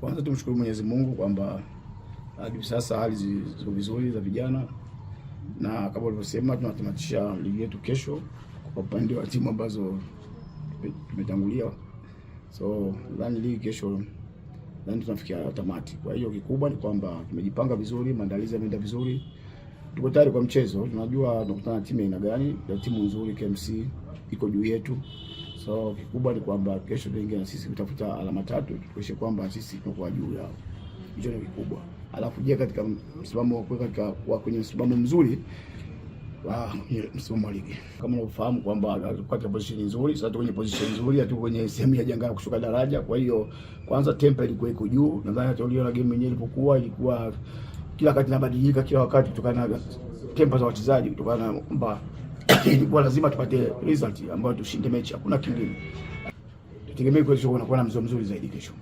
Kwanza tumshukuru Mwenyezi Mungu kwamba hadi sasa hali ziko vizuri za vijana, na kama ulivyosema, tunatamatisha ligi yetu kesho kwa upande wa timu ambazo tumetangulia. So nadhani ligi kesho, nadhani tunafikia tamati. Kwa hiyo kikubwa ni kwamba tumejipanga vizuri, maandalizi yameenda vizuri, tuko tayari kwa mchezo. Tunajua tunakutana na timu aina gani, na timu nzuri. KMC iko juu yetu. So kikubwa ni kwamba kesho tuingie na sisi kutafuta alama tatu, tukueshe kwamba sisi tunakuwa juu yao. Hicho ni kikubwa. Alafu je, katika msimamo wa kuweka katika wa kwenye msimamo mzuri wa msimamo wa ligi kama unafahamu kwamba katika position nzuri, sasa tuko kwenye position nzuri, hatuko kwenye sehemu ya janga ya kushuka daraja. Kwa hiyo kwanza tempo ilikuwa iko juu, nadhani hata uliona game yenyewe ilipokuwa, ilikuwa kila wakati inabadilika kila wakati kutokana na tempo za wachezaji, kutokana na kwamba ilikuwa lazima tupate result ambayo tushinde mechi, hakuna kingine. Tutegemee hiyo kunakuwa na mzozo mzuri zaidi. Kesho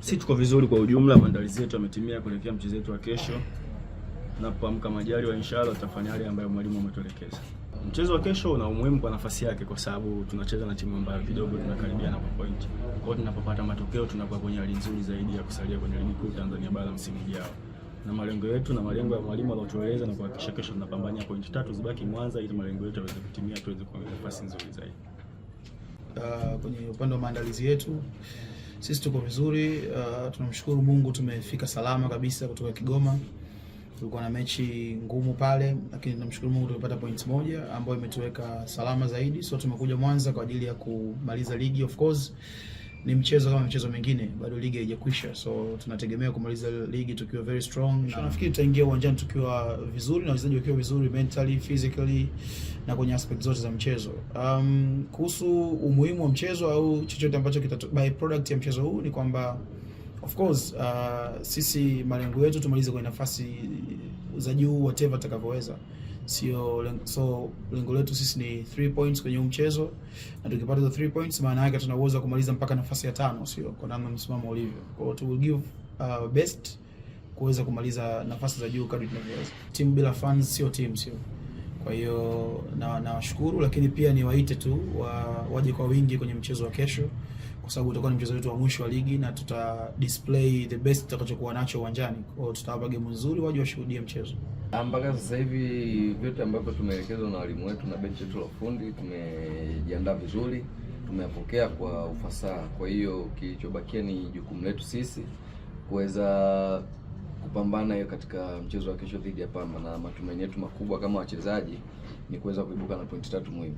si tuko vizuri kwa ujumla, maandalizi yetu yametimia kuelekea mchezo wetu wa kesho, na majari wa inshallah tutafanya yale ambayo mwalimu ametuelekeza. Mchezo wa kesho una umuhimu kwa nafasi yake, kwa sababu tunacheza na timu ambayo kidogo tunakaribiana kwa point. Kwa hiyo tunapopata matokeo tunakuwa kwenye hali nzuri zaidi ya kusalia kwenye ligi kuu Tanzania bara msimu ujao na malengo yetu na malengo ya mwalimu aliotueleza na kuhakikisha kesho tunapambania pointi tatu zibaki Mwanza ili malengo yetu yaweze kutimia tuweze kuwa nafasi nzuri zaidi. Uh, kwenye upande wa maandalizi yetu sisi tuko vizuri. Uh, tunamshukuru Mungu tumefika salama kabisa kutoka Kigoma. Tulikuwa na mechi ngumu pale, lakini tunamshukuru Mungu tumepata point moja ambayo imetuweka salama zaidi. So tumekuja Mwanza kwa ajili ya kumaliza ligi of course ni mchezo kama mchezo mingine, bado ligi haijakwisha, so tunategemea kumaliza ligi tukiwa very strong, na nafikiri tutaingia uwanjani tukiwa vizuri na wachezaji wakiwa vizuri mentally, physically na kwenye aspect zote za mchezo. Um, kuhusu umuhimu wa mchezo au chochote ambacho kita by product ya mchezo huu ni kwamba Of course uh, sisi malengo yetu tumalize kwenye nafasi za juu whatever takavyoweza sio so lengo letu sisi ni 3 points kwenye mchezo, na tukipata the 3 points, maana yake tuna uwezo wa kumaliza mpaka nafasi ya tano, sio kwa namna msimamo ulivyo. Kwa hiyo tu will give uh, best kuweza kumaliza nafasi za juu kadri tunavyoweza. team bila fans sio team sio kwa hiyo na nawashukuru, lakini pia niwaite tu wa, waje kwa wingi kwenye mchezo wa kesho kwa sababu utakuwa ni mchezo wetu wa mwisho wa ligi na tuta display the best tutakachokuwa nacho uwanjani. Kwa tutawapa game nzuri waje washuhudie mchezo. Ah, mpaka sasa hivi vyote ambavyo tumeelekezwa na walimu wetu na benchi yetu la ufundi tumejiandaa vizuri, tumeyapokea kwa ufasaha. Kwa hiyo kilichobakia ni jukumu letu sisi kuweza kupambana hiyo katika mchezo wa kesho dhidi ya Pamba, na matumaini yetu makubwa kama wachezaji ni kuweza kuibuka na pointi tatu muhimu.